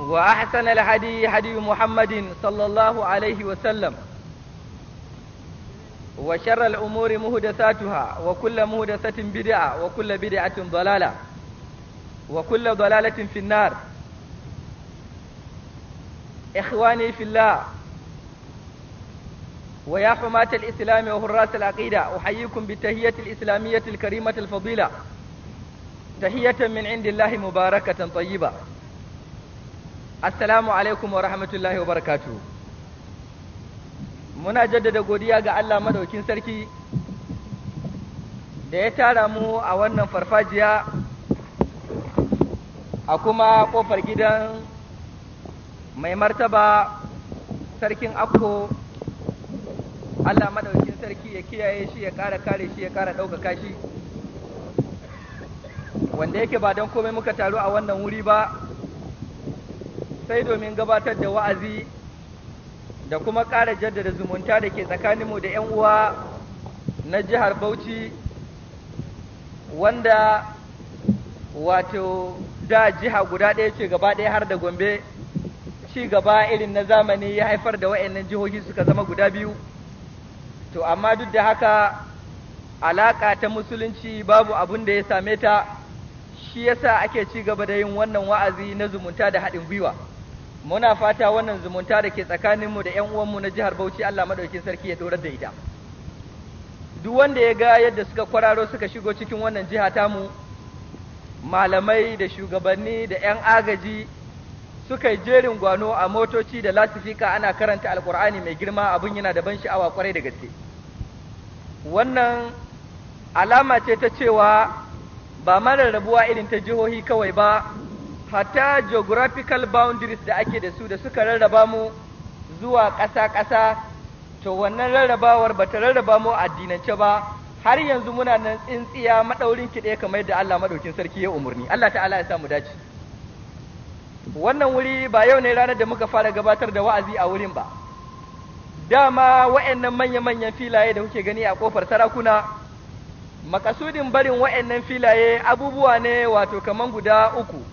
وأحسن الهدي هدي محمد صلى الله عليه وسلم وشر الأمور مهدساتها وكل مهدسة بدعة وكل بدعة ضلالة وكل ضلالة في النار إخواني في الله ويا حماة الإسلام وحراس العقيدة أحييكم بالتهية الإسلامية الكريمة الفضيلة تهية من عند الله مباركة طيبة Assalamu alaikum wa rahmatullahi wa barakatu. Muna jaddada godiya ga Allah madaukin sarki da ya tara mu a wannan farfajiya a kuma kofar gidan mai martaba sarkin akko Allah madaukin sarki ya kiyaye shi ya ƙara kare shi ya ƙara ɗaukaka shi wanda yake ba don komai muka taru a wannan wuri ba sai domin gabatar da wa'azi da kuma ƙara jaddada zumunta da ke tsakaninmu da 'yan uwa na jihar Bauchi wanda wato da jiha guda ɗaya ce gaba ɗaya har da Gombe ci gaba irin na zamani ya haifar da wa'annan jihohi suka zama guda biyu to amma duk da haka alaƙa ta musulunci babu abin da ya same ta shi yasa ake ci gaba da yin wannan wa'azi na zumunta da haɗin gwiwa. muna fata wannan zumunta da ke tsakaninmu da 'yan uwanmu na jihar Bauchi Allah maɗaukin sarki ya dorar da ita duk wanda ya ga yadda suka kwararo suka shigo cikin wannan jiha mu. malamai da shugabanni da 'yan agaji suka yi jerin gwano a motoci da lasifika ana karanta alkur'ani mai girma abin yana da ban sha'awa kwarai da gaske wannan alama ce ta cewa ba mara rabuwa irin ta jihohi kawai ba hatta geographical boundaries da ake da su da suka rarraba mu zuwa ƙasa-ƙasa to wannan rarrabawar ba ta rarraba mu addinance ba har yanzu muna nan tsintsiya maɗaurin kiɗe kamar yadda Allah maɗaukin sarki ya umarni Allah ta'ala ya sa mu dace wannan wuri ba yau ne ranar da muka fara gabatar da wa'azi a wurin ba dama wa'annan manya-manyan filaye da kuke gani a kofar sarakuna makasudin barin wa'annan filaye abubuwa ne wato kaman guda uku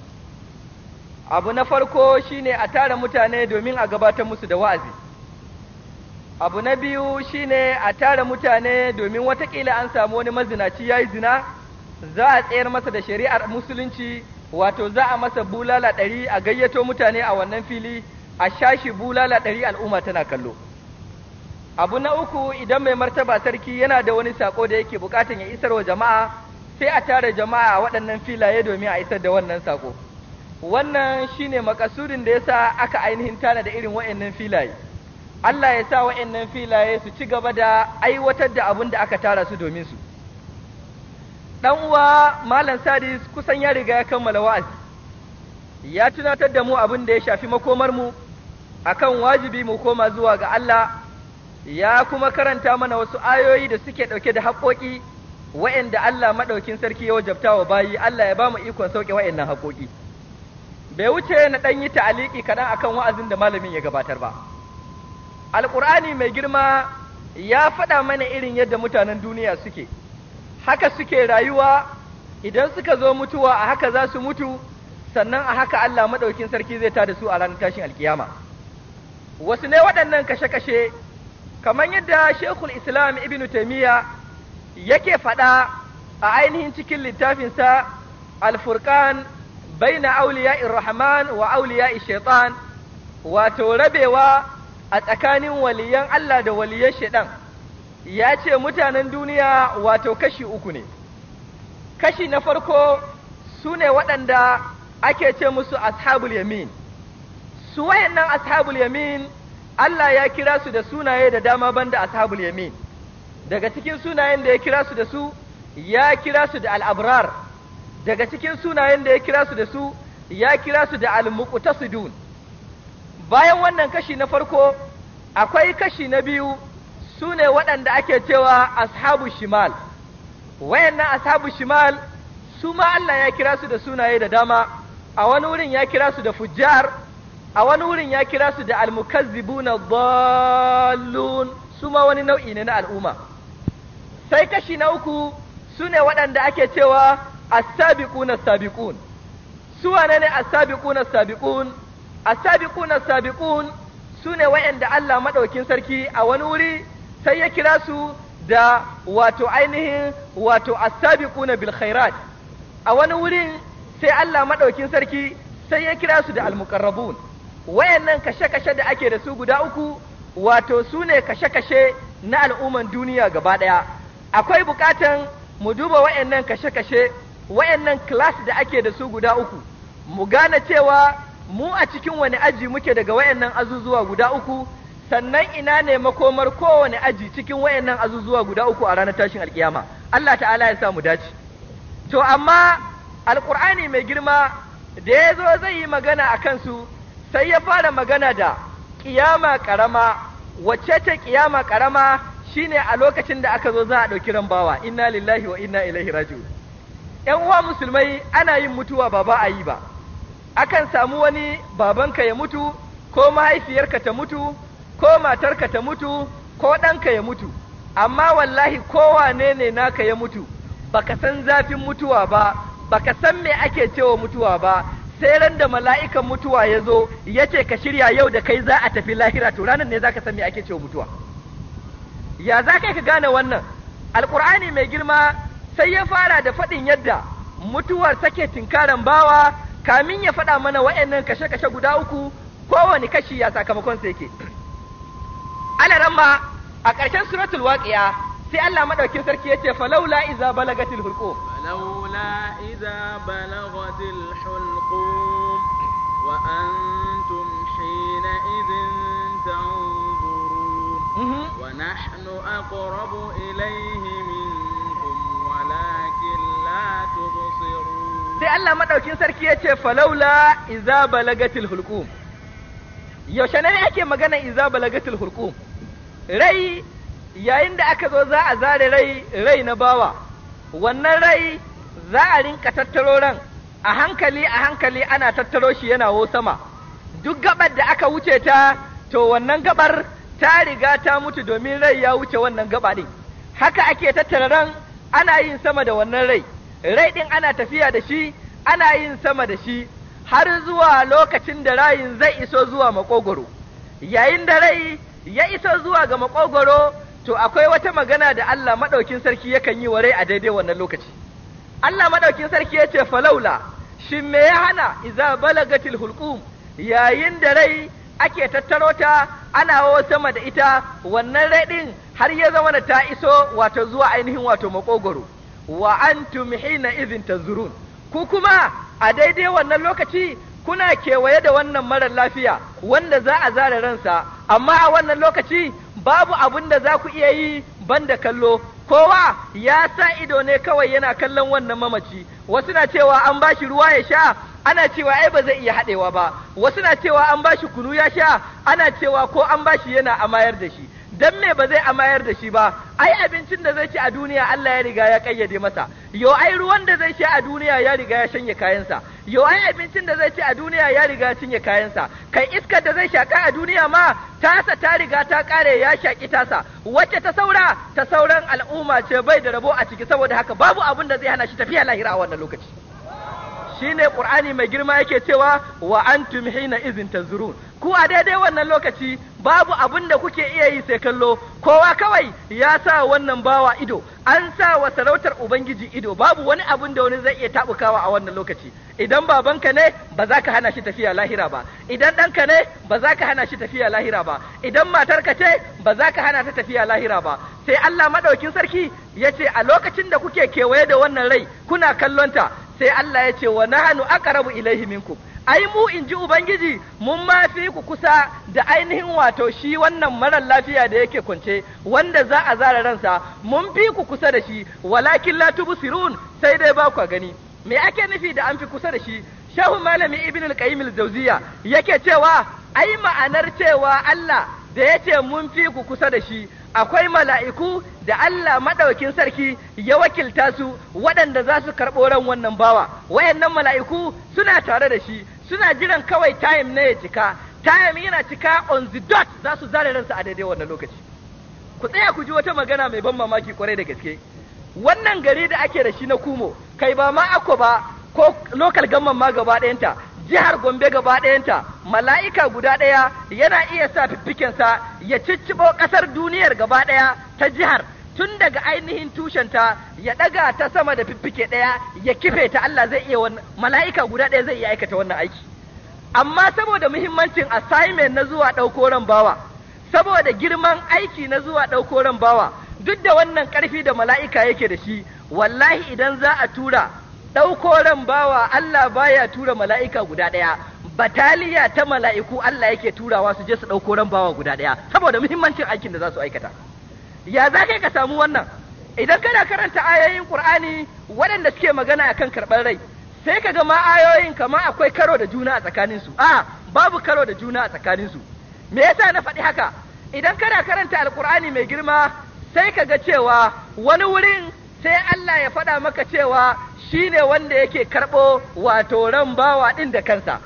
abu na farko shine a tara mutane domin a gabatar musu da wa'azi abu na biyu shine a tara mutane domin watakila an samu wani mazinaci ya yi zina za a tsayar masa da shari'ar musulunci wato za a masa bulala ɗari a gayyato mutane a wannan fili a shashi bulala ɗari al'umma tana kallo abu na uku idan mai martaba sarki yana da wani sako da yake bukatan ya isar wa jama'a sai a tara jama'a a waɗannan filaye domin a isar da wannan sako wannan shine makasudin da ya sa aka ainihin tana da irin wa'annan filaye Allah ya sa wa'annan filaye su ci gaba da aiwatar da abin da aka tara su domin su dan uwa malam sadis kusan ya riga ya kammala wa'azi ya tunatar da mu abin da ya shafi makomar mu akan wajibi mu koma zuwa ga Allah ya kuma karanta mana wasu ayoyi da suke ɗauke da haƙoƙi wa'anda Allah maɗaukin sarki ya wajabta wa bayi Allah ya ba mu ikon sauke wa'annan haƙoƙi bai wuce na ɗan yi ta'aliki kaɗan akan wa'azin da malamin ya gabatar ba alƙur'ani mai girma ya faɗa mana irin yadda mutanen duniya suke haka suke rayuwa idan suka zo mutuwa a haka za su mutu sannan a haka Allah maɗaukin sarki zai tada su a ranar tashin alkiyama wasu ne waɗannan kashe-kashe kamar yadda shekul islam ibn taimiyya yake faɗa a ainihin cikin littafinsa alfurkan baina auliya irrahman wa auliya shaitan wato rabewa a tsakanin waliyan Allah da waliyan shaitan ya ce mutanen duniya wato kashi uku ne kashi na farko su ne waɗanda ake ce musu ashabul yamin su wayannan ashabul yamin Allah ya kira su da sunaye da dama banda ashabul yamin daga cikin sunayen da ya kira su da su ya kira su da al'abrar daga cikin sunayen da ya kira su da su ya kira su da al-muqtasidun bayan wannan kashi na farko akwai kashi na biyu su ne waɗanda ake cewa ashabu shimal wayannan ashabu shimal su ma Allah ya kira su da sunaye da dama a wani wurin ya kira su da fujjar a wani wurin ya kira su da almukazzibuna dallun su ma wani nau'i ne na al'umma sai kashi na uku Sune ne waɗanda ake cewa as-sabiquna as-sabiqun su wane ne as-sabiquna as-sabiqun as-sabiquna as-sabiqun sune wa'anda Allah madaukin sarki a wani wuri sai ya kira su da wato ainihin wato as-sabiquna bil khairat a wani wurin sai Allah madaukin sarki sai ya kira su da al-muqarrabun wayannan kashe-kashe da ake da su guda uku wato su ne kashe-kashe na al'umman duniya gaba ɗaya akwai buƙatan mu duba wayannan kashe-kashe wayannan class da ake da su guda uku mu gane cewa mu a cikin wani aji muke daga wayannan azuzuwa guda uku sannan ina ne makomar kowane aji cikin wayannan azuzuwa guda uku a ranar tashin alkiyama Allah ta'ala ya sa mu dace to amma alqur'ani mai girma da ya zo zai yi magana a kansu sai ya fara magana da ƙiyama ƙarama wacce ce ƙiyama ƙarama shine a lokacin da aka zo za a ɗauki rambawa inna lillahi wa inna ilaihi raji'un ‘yan uwa musulmai ana yin mutuwa ba ba a yi ba, akan samu wani babanka ya mutu, ko mahaifiyarka ta mutu, ko matarka ta mutu, ko ɗanka ya mutu, amma wallahi kowane ne naka ya mutu, baka san zafin mutuwa ba, baka san me ake cewa mutuwa ba, sai ran da mala'ikan mutuwa ya zo ya ce ka shirya yau da kai za a tafi lahira to ranar ne za ka san me ake cewa mutuwa. Ya za ka gane wannan? Alƙur'ani mai girma sai ya fara da faɗin yadda mutuwar take tinkaran bawa kamin ya faɗa mana wa'annan kashe-kashe guda uku kowane kashi ya sakamakon sa yake alaramma a ƙarshen suratul waƙiya sai Allah madaukin sarki yace falaula iza balagatil hulqum falaula iza balagatil hulqum wa antum hina idin tanzurun mhm. wa nahnu aqrabu sai Allah maɗaukin sarki ya ce falaula iza balagatil hulqum yaushe ne ake magana iza balagatil hulqum rai yayin da aka zo za a zare rai rai na bawa wannan rai za a rinka tattaro ran a hankali a hankali ana tattaro shi yana wo sama duk gabar da aka wuce ta to wannan gabar ta riga ta mutu domin rai ya wuce wannan gaba din haka ake tattara ran ana yin sama da wannan rai rai ɗin ana tafiya da shi ana yin sama da shi har zuwa lokacin da rayin zai iso zuwa makogoro yayin da rai ya iso zuwa ga makogoro to akwai wata magana da Allah maɗaukin sarki yakan yi wa rai a daidai wannan lokaci Allah maɗaukin sarki yace falaula shin me ya hana iza balagatil hulqum yayin da rai ake tattaro ta ana sama da ita wannan rai ɗin? har ya zama na ta iso wato zuwa ainihin wato makogoro wa antum hina idhin tazurun ku kuma a daidai wannan lokaci kuna kewaye da wannan marar lafiya wanda za a zare ransa amma a wannan lokaci babu abin da za ku iya yi banda kallo kowa ya sa ido ne kawai yana kallon wannan mamaci wasu na cewa an bashi ruwa ya sha ana cewa ai ba zai iya haɗewa ba wasu na cewa an bashi kunu ya sha ana cewa ko an bashi yana amayar da shi dan me ba zai amayar da shi ba ai abincin da zai ci a duniya Allah ya riga ya kayyade masa yo ai ruwan da zai ci a duniya ya riga ya shanye kayansa yo ai abincin da zai ci a duniya ya riga ya cinye kayansa kai iskar da zai shaka a duniya ma tasa ta riga ta kare ya shaki tasa wacce ta saura ta sauran al'umma ce bai da rabo a ciki saboda haka babu abin da zai hana shi tafiya lahira a wannan lokaci shine qur'ani mai girma yake cewa wa antum hina izin tanzurun ku a daidai wannan lokaci babu abin da kuke iya yi sai kallo kowa kawai ya sa wannan bawa ido an sa wa sarautar ubangiji ido babu wani abin da wani zai iya tabukawa a wannan lokaci idan babanka ne ba za ka hana shi tafiya lahira ba idan ɗanka ne ba za ka hana shi tafiya lahira ba idan matarka ce ba za ka hana ta tafiya lahira ba sai Allah maɗaukin sarki ya ce a lokacin da kuke kewaye da wannan rai kuna kallonta sai Allah ya ce wa nahanu aqrabu ilaihi minkum ai mu in ji ubangiji mun ma fi ku kusa da ainihin wato shi wannan marar lafiya da yake kwance wanda za a zara ransa mun fi ku kusa da shi walakin la tubsirun sai dai ba ku gani me ake nufi da an fi kusa da shi shehu malami ibn al-qayyim al-jawziya yake cewa ai ma'anar cewa Allah da ya ce mun fi ku kusa da shi akwai mala'iku da Allah maɗaukin sarki ya wakilta su waɗanda za su karɓo ran wannan bawa, wayannan mala'iku suna tare da shi, suna jiran kawai time na ya cika time yana cika on the dot za su zare ransu a daidai wannan lokaci ku tsaya ku ji wata magana mai ban mamaki kwarai da gaske wannan gari da ake da shi na kumo kai ba ma ako ba ko local gamman ma gaba ɗayanta jihar gombe gaba ɗayanta mala'ika guda ɗaya yana iya sa fiffikensa ya cicciɓo ƙasar duniyar gaba ɗaya ta jihar tun daga ainihin tushenta ya ɗaga ta sama da fiffike ɗaya ya kife ta Allah zai iya wannan mala'ika guda ɗaya zai iya aikata wannan aiki amma saboda muhimmancin assignment na zuwa ɗauko bawa saboda girman aiki na zuwa ɗauko bawa duk da wannan ƙarfi da mala'ika yake da shi wallahi idan za a tura ɗauko bawa Allah baya tura mala'ika guda ɗaya bataliya ta mala'iku Allah yake turawa su je su ɗauko ran bawa guda ɗaya saboda muhimmancin aikin da za su aikata ya za kai ka samu wannan idan kana karanta ayoyin qur'ani waɗanda suke magana akan karɓar rai sai ka ga ayoyin kama akwai karo da juna a tsakanin a babu karo da juna a tsakaninsu. me yasa na faɗi haka idan kana karanta alqur'ani mai girma sai ka ga cewa wani wurin sai Allah ya faɗa maka cewa shi ne wanda yake karɓo wato ran bawa ɗin da kansa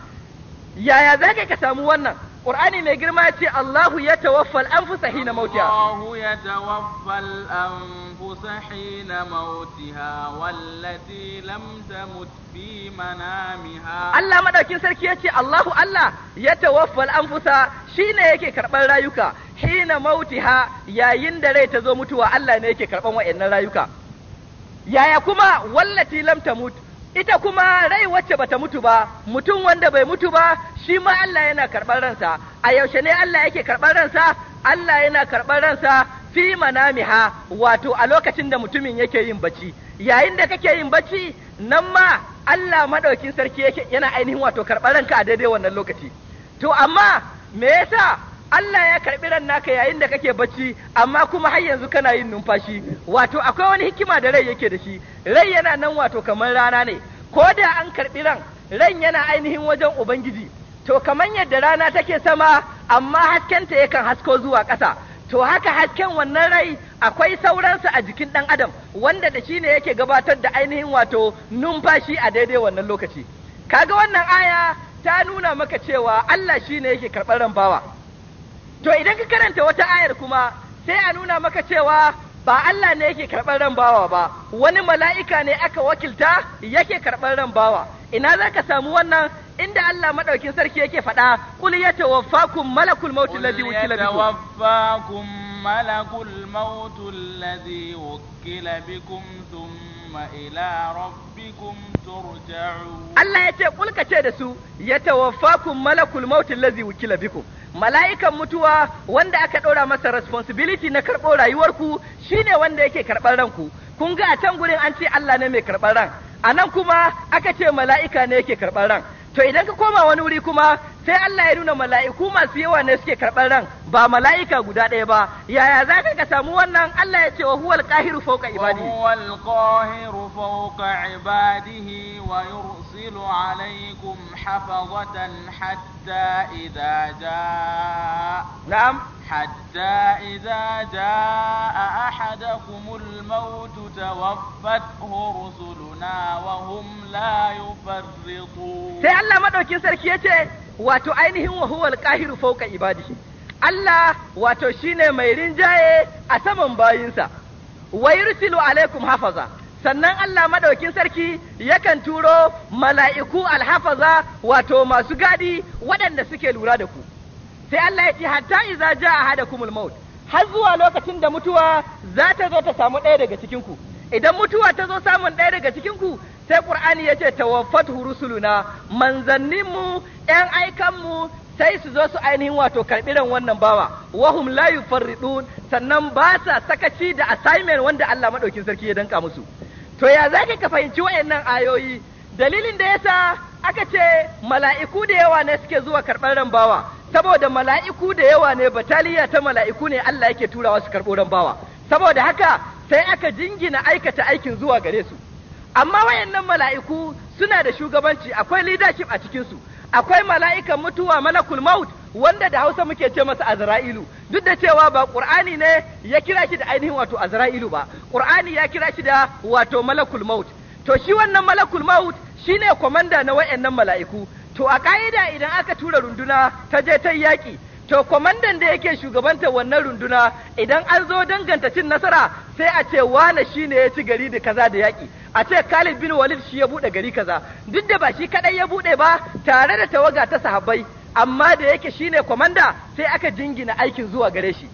yaya za ka samu wannan Qur'ani mai girma ce Allahu ya tawaffal an anfusa hina mautiha Allahu ya tawaffal anfusa hina mautiha wallati lam tamut fi manamiha Allah madaukin sarki ya ce Allahu Allah ya tawaffal an anfusa shine yake karɓar rayuka hina mautiha yayin da rai ta zo mutuwa Allah ne yake karban wayannan rayuka yaya kuma wallati lam tamut ita kuma rai wacce bata mutu ba mutum wanda bai mutu ba shi ma Allah yana karɓar ransa a yaushe ne Allah yake karɓar ransa Allah yana karɓar ransa fi manamiha wato a lokacin da mutumin yake yin bacci yayin da kake yin bacci nan ma Allah madaukin sarki yake yana ainihin wato karɓar ranka a daidai wannan lokaci to amma me yasa Allah ya karɓi ran naka yayin da kake bacci amma kuma har yanzu kana yin numfashi wato akwai wani hikima da rai yake da shi rai yana nan wato kamar rana ne ko da an karɓi ran ran yana ainihin wajen ubangiji to kamar yadda rana take sama amma haskenta yakan hasko zuwa ƙasa to haka hasken wannan rai akwai sauransu a jikin ɗan adam wanda da shi ne yake gabatar da ainihin wato numfashi a daidai wannan lokaci kaga wannan aya ta nuna maka cewa Allah shi ne yake karɓar ran bawa to idan ka karanta wata ayar kuma sai a nuna maka cewa ba Allah ne yake karɓar ran bawa ba wani mala'ika ne aka wakilta yake karɓar ran bawa ina za ka samu wannan inda Allah maɗaukin sarki yake faɗa kul yatawaffakum malakul maut alladhi wukila bikum yatawaffakum malakul wukila bikum thumma thumma ila rabbikum turja'un Allah yace kulka ce da su ya malakul maut allazi wukila bikum mala'ikan mutuwa wanda aka ɗora masa responsibility na karɓo rayuwarku shine wanda yake karɓar ranku kun ga a can gurin an ce Allah ne mai karɓar ran a nan kuma aka ce mala'ika ne yake karɓar ran to idan ka koma wani wuri kuma sai Allah ya nuna mala'iku masu yawa ne suke karɓar ran ba mala'ika guda ɗaya ba yaya za ka ka samu wannan Allah ya ce wa huwal qahiru fawqa ibadihi wa fauka qahiru fawqa ibadihi wa yursilu alaykum hafazatan hatta idza na'am حتى إذا جاء أحدكم الموت توفته رسلنا وهم لا يفرطون سي الله ما دوكي سركي يتي واتو أينه وهو القاهر فوق عباده الله واتو shine ميرين جاي a باينسا ويرسل عليكم حفظا sannan Allah madaukin sarki yakan turo mala'iku alhafaza wato masu gadi waɗanda suke lura da ku sai Allah ya ce hatta iza jaa ahadakumul maut har zuwa lokacin da mutuwa za ta zo ta samu ɗaya daga cikin ku idan mutuwa ta zo samun ɗaya daga cikin ku sai Qur'ani ya ce tawaffat rusuluna manzannin mu ƴan aikan mu sai su zo su ainihin wato karɓiran wannan bawa wahum la yufarridun sannan ba sa sakaci da assignment wanda Allah madaukin sarki ya danka musu to ya zaka ka fahimci wayannan ayoyi dalilin da yasa aka ce mala'iku da yawa ne suke zuwa karɓar ran bawa saboda mala'iku da yawa ne bataliya ta mala'iku ne Allah yake turawa su karɓo ran bawa saboda haka sai aka jingina aikata aikin zuwa gare su amma wayannan mala'iku suna da shugabanci akwai leadership a cikin su akwai mala'ikan mutuwa malakul maut wanda da Hausa muke ce masa Azra'ilu duk da cewa ba ƙur'ani ne ya kira shi da ainihin wato Azra'ilu ba Qur'ani ya kira shi da wato malakul maut to shi wannan malakul maut shine kwamanda na wayannan mala'iku to a ka'ida idan aka tura runduna ta je ta yaƙi to kwamandan da yake shugabanta wannan runduna idan an zo danganta cin nasara sai a ce wane shi ne ya ci gari da kaza da yaƙi a ce Khalid bin Walid shi ya buɗe gari kaza duk da ba shi kaɗai ya buɗe ba tare da tawaga ta sahabbai amma da yake shi ne kwamanda sai aka jingina aikin zuwa gare shi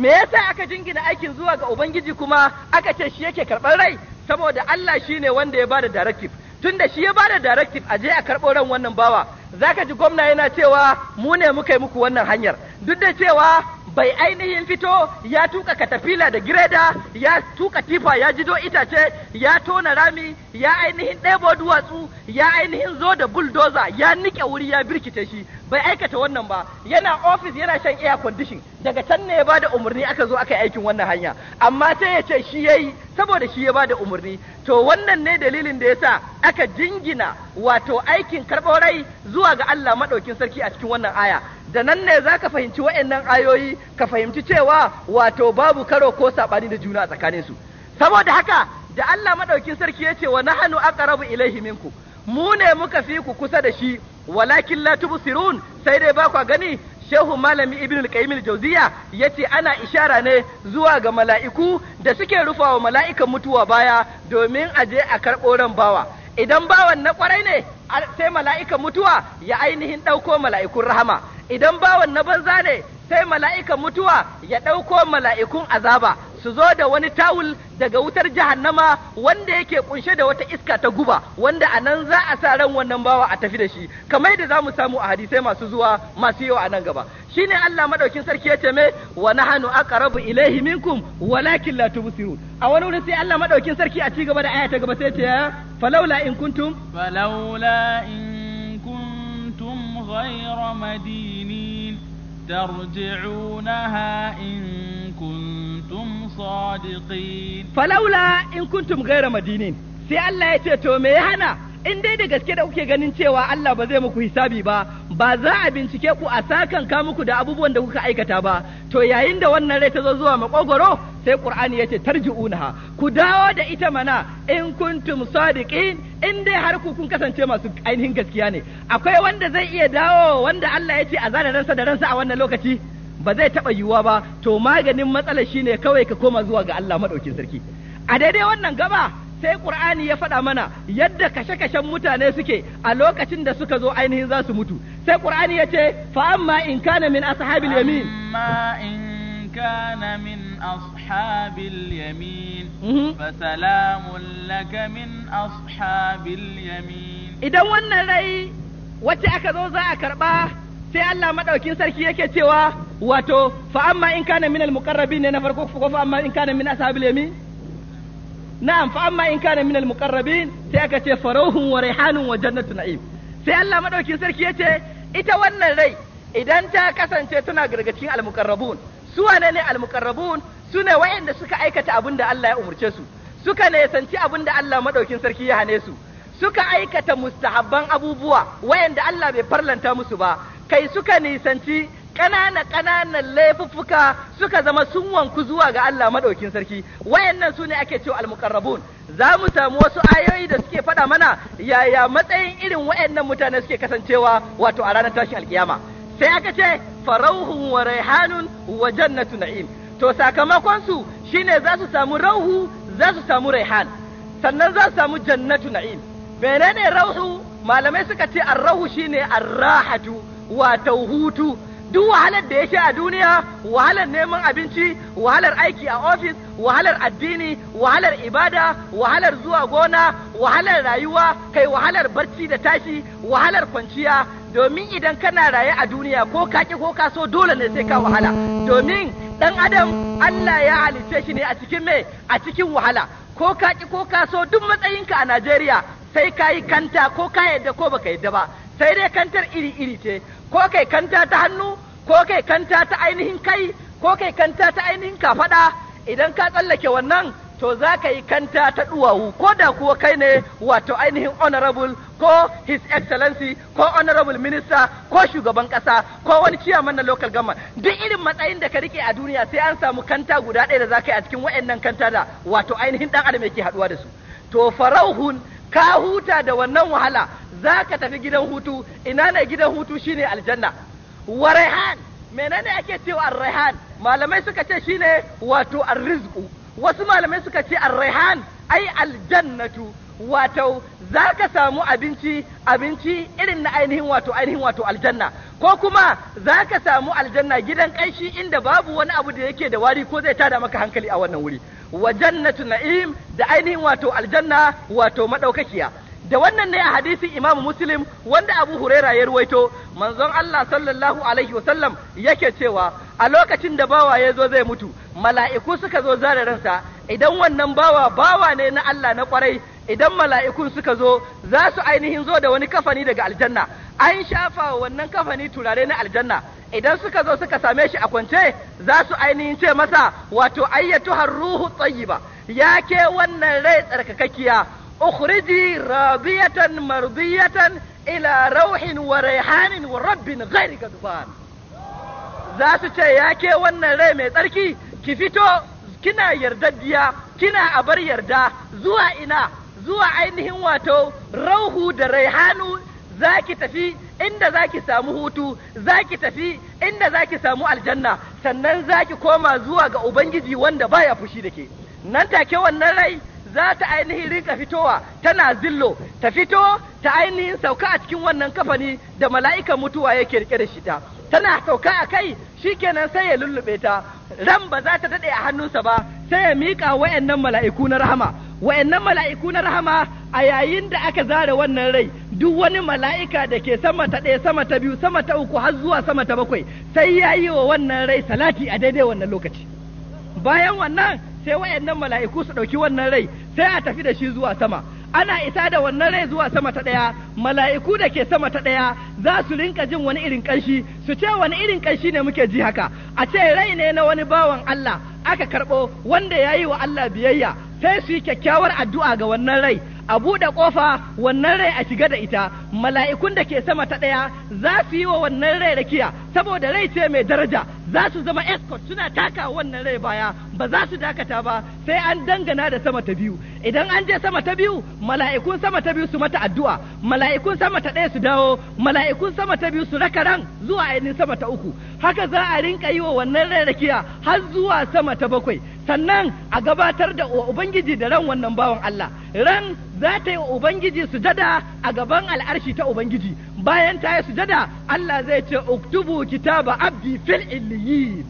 me yasa aka jingina aikin zuwa ga ubangiji kuma aka ce shi yake karɓar rai saboda Allah shi ne wanda ya ba da directive tunda shi ya ba da directive a je a karɓo ran wannan bawa zaka ji gwamna yana cewa mu ne muka yi muku wannan hanyar duk da cewa bai ainihin fito ya tuka katafila da gireda ya tuka tifa ya jido itace ya tona rami ya ainihin ɗebo duwatsu ya ainihin zo da buldoza ya nike wuri ya birkite shi bai aikata wannan ba yana ofis yana shan air condition daga can ne ya da umarni aka zo aka yi aikin wannan hanya amma sai ya ce shi yayi saboda shi ya bada umarni to wannan ne dalilin da ya sa aka jingina wato aikin karɓo rai zuwa ga Allah maɗaukin sarki a cikin wannan aya da nan ne za ka fahimci wa'annan ayoyi ka fahimci cewa wato babu karo ko saɓani da juna a tsakaninsu saboda haka da Allah maɗaukin sarki ya ce wa nahanu aqrabu ilaihi minkum mu ne muka fi ku kusa da shi walakin la tubsirun sai dai ba ku gani shehu malami ibn al-qayyim al-jawziya yace ana ishara ne zuwa ga mala'iku da suke rufawa mala'ikan mutuwa baya domin a je a karɓo ran bawa idan bawan na kwarai ne sai mala'ikan mutuwa ya ainihin ɗauko mala'ikun rahama idan bawan na banza ne sai mala'ikan mutuwa ya ɗauko mala'ikun azaba su zo da wani tawul daga wutar jahannama wanda yake kunshe da wata iska ta guba wanda a nan za a sa ran wannan bawa a tafi da shi kamar da za mu samu a hadisai masu zuwa masu yawa a nan gaba shine Allah madaukin sarki yace me wa nahnu aqrabu ilayhi minkum walakin la tubsirun a wani wurin sai Allah madaukin sarki a ci gaba da aya ta gaba sai ce falawla in kuntum falawla in kuntum ghayra madinin tarji'unaha in الصادقين فلولا إن كنتم غير مدينين sai Allah ya ce to me ya hana in dai da gaske da kuke ganin cewa Allah ba zai muku hisabi ba ba za a bincike ku a sakan ka muku da abubuwan da kuka aikata ba to yayin da wannan rai ta zo zuwa makogoro sai Qur'ani yace tarji'unaha ku dawo da ita mana in kuntum sadiqin in dai har ku kun kasance masu ainihin gaskiya ne akwai wanda zai iya dawo wanda Allah yace a zara ransa da ransa a wannan lokaci ba zai taɓa yiwuwa ba to maganin matsalar shine kawai ka koma zuwa ga Allah maɗaukin sarki a daidai wannan gaba sai Qur'ani ya faɗa mana yadda kashe-kashen mutane suke a lokacin da suka zo ainihin za su mutu sai Qur'ani ya ce fa amma in kana min ashabil yamin amma in kana min ashabil yamin mhm. fa salamun laka min ashabil yamin idan wannan rai wacce aka zo za a karba sai Allah madaukin sarki yake cewa wato fa amma in kana minal muqarrabin ne na farko ko fa amma in kana min ashabil yamin na'am fa amma in kana minal muqarrabin sai aka ce farauhun wa raihanun wa jannatu na'im sai Allah madaukin sarki yace ita wannan rai idan ta kasance tana gargacin almuqarrabun su wane ne almuqarrabun su ne wayanda suka aikata abin da Allah ya umurce su suka ne sanci abin da Allah madaukin sarki ya hane su suka aikata mustahabban abubuwa wayanda Allah bai farlanta musu ba kai suka nisanci ƙanana ƙananan laifuffuka suka zama sun wanku zuwa ga Allah maɗaukin sarki wayannan su ne ake cewa almuqarrabun za mu samu wasu ayoyi da suke faɗa mana yaya matsayin irin wayannan mutane suke kasancewa wato a ranar tashin alkiyama sai aka ce farauhun wa raihanun wa jannatu na'im to sakamakon su shine za su samu rauhu za su samu raihan sannan za su samu jannatu na'im menene rauhu malamai suka ce arrahu shine arrahatu wato hutu duk wahalar da ya sha a duniya wahalar neman abinci wahalar aiki a ofis wahalar addini wahalar ibada wahalar zuwa gona wahalar rayuwa kai wahalar barci da tashi wahalar kwanciya domin idan kana raye a duniya ko ka ki ko ka so dole ne sai ka wahala domin dan adam Allah ya halice shi ne a cikin me a cikin wahala ko ka ki ko ka so duk matsayinka a Najeriya sai ka yi kanta ko ka yadda ko baka yadda ba sai dai kantar iri iri ce ko kai kanta ta hannu ko kai kanta ta ainihin kai ko kai kanta ta ainihin kafaɗa idan ka tsallake wannan to za ka yi kanta ta duwawu ko da kuwa kai ne wato ainihin honorable ko his excellency ko honorable minister ko shugaban kasa ko wani ciyaman na local government duk irin matsayin da ka rike a duniya sai an samu kanta guda ɗaya da za ka yi a cikin waɗannan kanta da wato ainihin ɗan adam yake haɗuwa da su to farauhun ka huta da wannan wahala za ka tafi gidan hutu ina ne gidan hutu shine aljanna wa raihan menene ake cewa ar-raihan malamai suka ce shine wato ar wasu malamai suka ce ar-raihan ai aljannatu wato za ka samu abinci abinci irin na ainihin wato ainihin wato aljanna ko kuma za ka samu aljanna gidan ƙanshi inda babu wani abu da yake da wari ko zai tada maka hankali a wannan wuri wa jannatu na'im da ainihin wato aljanna wato madaukakiya da wannan ne a hadisin Imam Muslim wanda Abu Huraira ya ruwaito manzon Allah sallallahu alaihi wasallam yake cewa a lokacin da bawa ya zo zai mutu mala'iku suka zo zare ransa idan wannan bawa bawa ne na Allah na kwarai idan mala'ikun suka zo za su ainihin zo da wani kafani daga aljanna an shafa wannan kafani turare na aljanna idan suka zo suka same shi a kwance za su ainihin ce masa wato ayyatu ruhu tsayiba ya ke wannan rai tsarkakakkiya ukhriji rabiyatan mardiyatan ila rauhin wa raihanin wa rabbin ghairi gadban za su ce ya ke wannan rai mai tsarki ki fito kina yardaddiya kina abar yarda zuwa ina zuwa ainihin wato rauhu da raihanu za ki tafi inda za ki samu hutu za ki tafi inda za ki samu aljanna sannan za ki koma zuwa ga ubangiji wanda baya fushi da ke nan take wannan rai za ta ainihin rinka fitowa tana zillo ta fito ta ainihin sauka a cikin wannan kafani da mala'ikan mutuwa ya rike da shi tana sauka a kai shikenan sai ya lullube ta ran ba za ta dade a hannunsa ba sai ya mika wa'annan mala'iku na rahama wa'annan mala'iku na rahama a yayin da aka zara wannan rai duk wani mala'ika da ke sama ta ɗaya sama ta biyu sama ta uku har zuwa sama ta bakwai sai ya yi wa wannan rai salati a daidai wannan lokaci bayan wannan sai wa'annan mala'iku su ɗauki wannan rai sai a tafi da shi zuwa sama ana isa da wannan rai zuwa sama ta ɗaya mala'iku da ke sama ta ɗaya za su rinka jin wani irin ƙanshi su ce wani irin ƙanshi ne muke ji haka a ce rai ne na wani bawan Allah aka karɓo wanda ya yi wa Allah biyayya sai su yi kyakkyawar addu'a ga wannan rai a buɗe ƙofa wannan rai a shiga da ita mala'ikun da ke sama ta ɗaya za su yi wa wannan rai rakiya saboda rai ce mai daraja za su zama escort suna taka wannan rai baya ba za su dakata ba sai an dangana da sama ta biyu idan an je sama ta biyu mala'ikun sama ta biyu su mata addu'a mala'ikun sama ta ɗaya su dawo mala'ikun sama ta biyu su raka ran zuwa ainihin sama ta uku haka za a rinka yi wa wannan rai rakiya har zuwa sama ta bakwai sannan a gabatar da ubangiji da ran wannan bawan Allah ran za ta yi wa ubangiji jada a gaban al'arshi ta ubangiji bayan ta yi su jada Allah zai ce uktubu kitaba abdi fil illiyin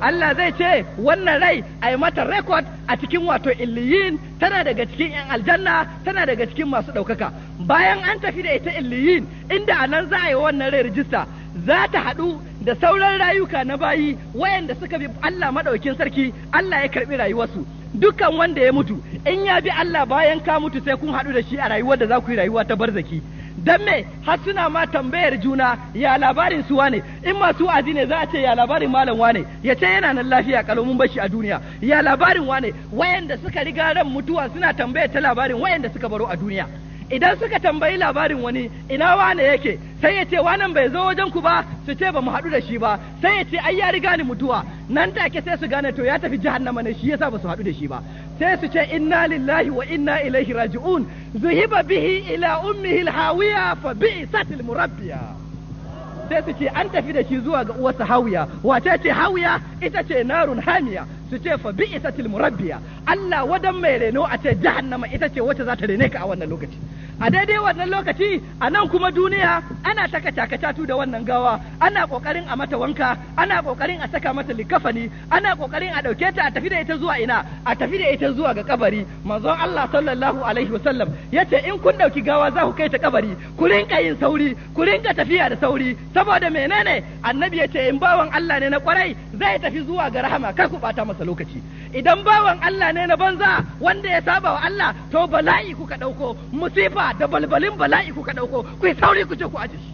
Allah zai ce wannan rai a yi mata rekod a cikin wato illiyin tana daga cikin 'yan aljanna tana daga cikin masu ɗaukaka bayan an tafi da ita illiyin inda a nan za a yi wannan rai rijista za ta haɗu da sauran rayuka na bayi wayanda suka bi Allah madaukin sarki Allah ya karbi rayuwarsu dukkan wanda ya mutu in ya bi Allah bayan ka mutu sai kun haɗu da shi a rayuwar da za ku yi rayuwa ta barzaki dan me har suna ma tambayar juna ya labarin su wane in masu wa'azi ne za a ce ya labarin malam wane ya ce yana nan lafiya kalomin bashi a duniya ya labarin wane wayanda suka riga ran mutuwa suna tambayar ta labarin wayanda suka baro a duniya idan suka tambayi labarin wani ina wane yake sai ya ce wanan bai zo wajen ku ba su ce ba mu haɗu da shi ba sai ya ce ai ya riga ni mutuwa nan take sai su gane to ya tafi jahannama ne shi yasa ba su haɗu da shi ba sai su ce inna lillahi wa inna ilaihi raji'un zuhiba bihi ila ummihi alhawiya fa bi'sat murabbiya sai su ce an tafi da shi zuwa ga uwarsa hawiya wace ce hawiya ita ce narun hamiya su ce fa bi'sat murabbiya Allah wadan mai reno a ce jahannama ita ce wacce za ta rene ka a wannan lokaci a daidai wannan lokaci a nan kuma duniya ana taka takacatu da wannan gawa ana kokarin a mata wanka ana kokarin a saka mata likafani ana kokarin a dauke ta a tafi da ita zuwa ina a tafi da ita zuwa ga kabari manzon Allah sallallahu alaihi wasallam yace in kun dauki gawa za ku kai ta kabari ku rinka yin sauri ku rinka tafiya da sauri saboda menene annabi yace in bawan Allah ne na kwarai zai tafi zuwa ga rahama kar ku bata masa lokaci idan bawan Allah ne na banza wanda ya saba wa Allah to bala'i kuka dauko musifa da balbalin bala'i kuka ɗauko ku yi sauri ku je ku aje shi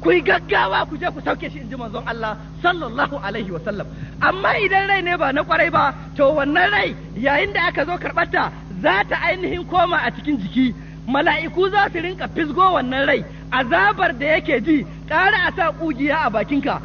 ku yi gaggawa ku je ku sauke shi in ji manzon Allah sallallahu alaihi wa sallam amma idan rai ne ba na kwarai ba to wannan rai yayin da aka zo karɓarta za ta ainihin koma a cikin jiki mala'iku za su rinka fisgo wannan rai azabar da yake ji ƙara a sa ƙugiya a bakinka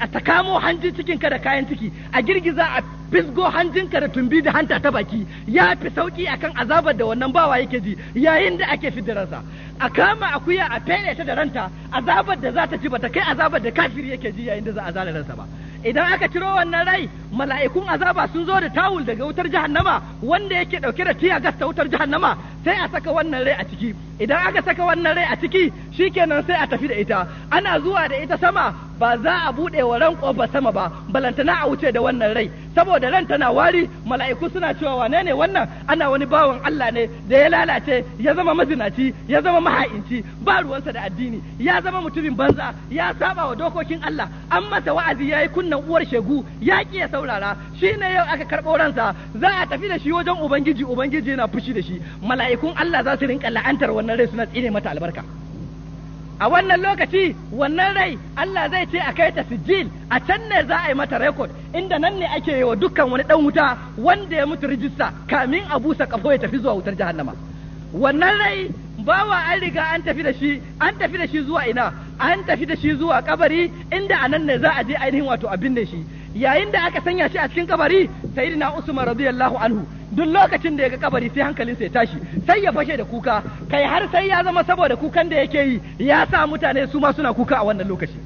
a ta kamo hanjin cikinka da kayan ciki a girgiza a fisgo hanjinka da tumbi da hanta ta baki ya fi sauƙi a kan azabar da wannan bawa yake ji yayin da ake fidirarsa a kama akuya a fere ta da ranta azabar da za ta ba ta kai azabar da kafiri yake ji yayin da za a zara ransa ba idan aka ciro wannan rai mala'ikun azaba sun zo da tawul daga wutar jahannama wanda yake dauke da tiya gasta wutar jahannama sai a saka wannan rai a ciki idan aka saka wannan rai a ciki shikenan sai a tafi da ita ana zuwa da ita sama ba za a bude wa ran kofar sama ba balantana a wuce da wannan rai saboda ran tana wari mala'iku suna cewa wane ne wannan ana wani bawan Allah ne da ya lalace ya zama mazinaci ya zama maha'inci ba ruwansa da addini ya zama mutumin banza ya saba wa dokokin Allah an masa wa'azi yayi kunnan uwar shegu ya sa. saurara shi ne yau aka karɓo ransa za a tafi da shi wajen ubangiji ubangiji yana fushi da shi mala'ikun Allah za su rinka la'antar wannan rai suna tsine mata albarka a wannan lokaci wannan rai Allah zai ce a kai ta sijil a can ne za a yi mata rekod inda nan ne ake yi wa dukkan wani dan wuta wanda ya mutu rijista kamin a busa kafo ya tafi zuwa wutar jahannama wannan rai bawa an riga an tafi da shi an tafi da shi zuwa ina an tafi da shi zuwa kabari inda a nan ne za a je ainihin wato abin da shi yayin da aka sanya shi a cikin kabari sayyidina usman radiyallahu anhu duk lokacin da ya ga kabari sai hankalin ya tashi sai ya fashe da kuka kai har sai ya zama saboda kukan da yake yi ya sa mutane su ma suna kuka a wannan lokaci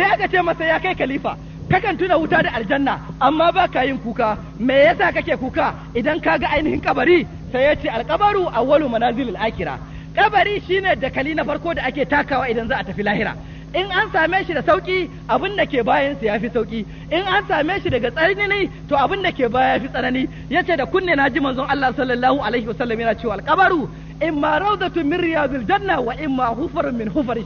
sai aka ce masa ya kai khalifa kakan tuna wuta da aljanna amma ba ka yin kuka me yasa kake kuka idan ka ga ainihin kabari sai ya ce alkabaru awwalu manazilil akira kabari shine dakali na farko da ake takawa idan za a tafi lahira in an same shi da sauki abin da ke bayansa ya fi sauki in an same shi daga tsanani to abin da ke baya ya fi tsanani yace da kunne na ji manzon Allah sallallahu alaihi wasallam yana cewa alqabaru imma rawdatu min riyadil janna wa imma hufarun min hufari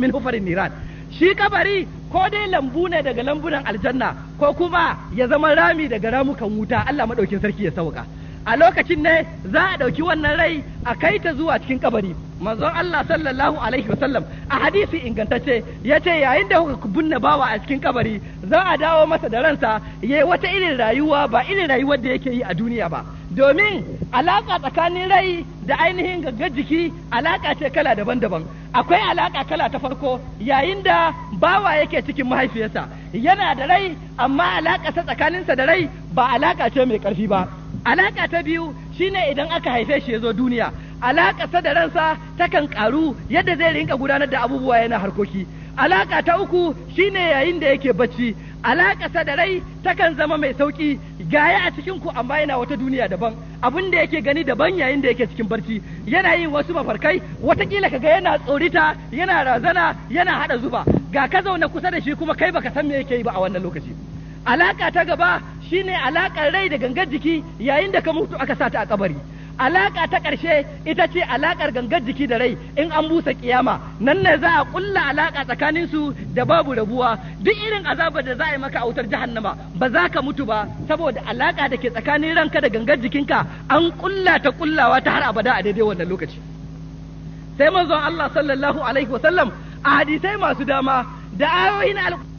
min hufarin niran shi kabari ko dai lambu ne daga lambunan aljanna ko kuma ya zama rami daga ramukan wuta Allah madaukin sarki ya sauka a lokacin ne za a ɗauki wannan rai a kai ta zuwa cikin kabari manzon Allah sallallahu alaihi wasallam a hadisi ingantacce ya ce yayin da kuka binne bawa a cikin kabari za a dawo masa da ransa ya wata irin rayuwa ba irin rayuwar da yake yi a duniya ba domin alaƙa tsakanin rai da ainihin gaggar jiki alaƙa ce kala daban-daban akwai alaƙa kala ta farko yayin da bawa yake cikin mahaifiyarsa yana da rai amma alaƙa ta tsakaninsa da rai ba alaƙa ce mai ƙarfi ba Alaƙa ta biyu shine idan aka haife shi ya zo duniya Alaƙa ta da ransa takan ƙaru yadda zai rinka gudanar da abubuwa yana harkoki Alaƙa ta uku shine yayin da yake bacci Alaƙa ta da rai takan zama mai sauƙi, gaya a cikin ku amma yana wata duniya daban abin da yake gani daban yayin da yake cikin barci yana yin wasu mafarkai watakila kaga yana tsorita yana razana yana hada zuba ga ka zauna kusa da shi kuma kai baka san me yake yi ba a wannan lokaci Alaƙa ta gaba shine alaƙar rai da gangar jiki yayin da ka mutu aka sa ta a kabari alaƙa ta ƙarshe ita ce alaƙar gangar jiki da rai in an busa ƙiyama nan ne za a kulla alaƙa tsakanin su da babu rabuwa duk irin azabar da za a yi maka a wutar jahannama ba za ka mutu ba saboda alaƙa da ke tsakanin ranka da gangar jikinka an kulla ta kullawa ta har abada a daidai wannan lokaci sai manzon Allah sallallahu alaihi wasallam a hadisai masu dama da ayoyin alƙur'ani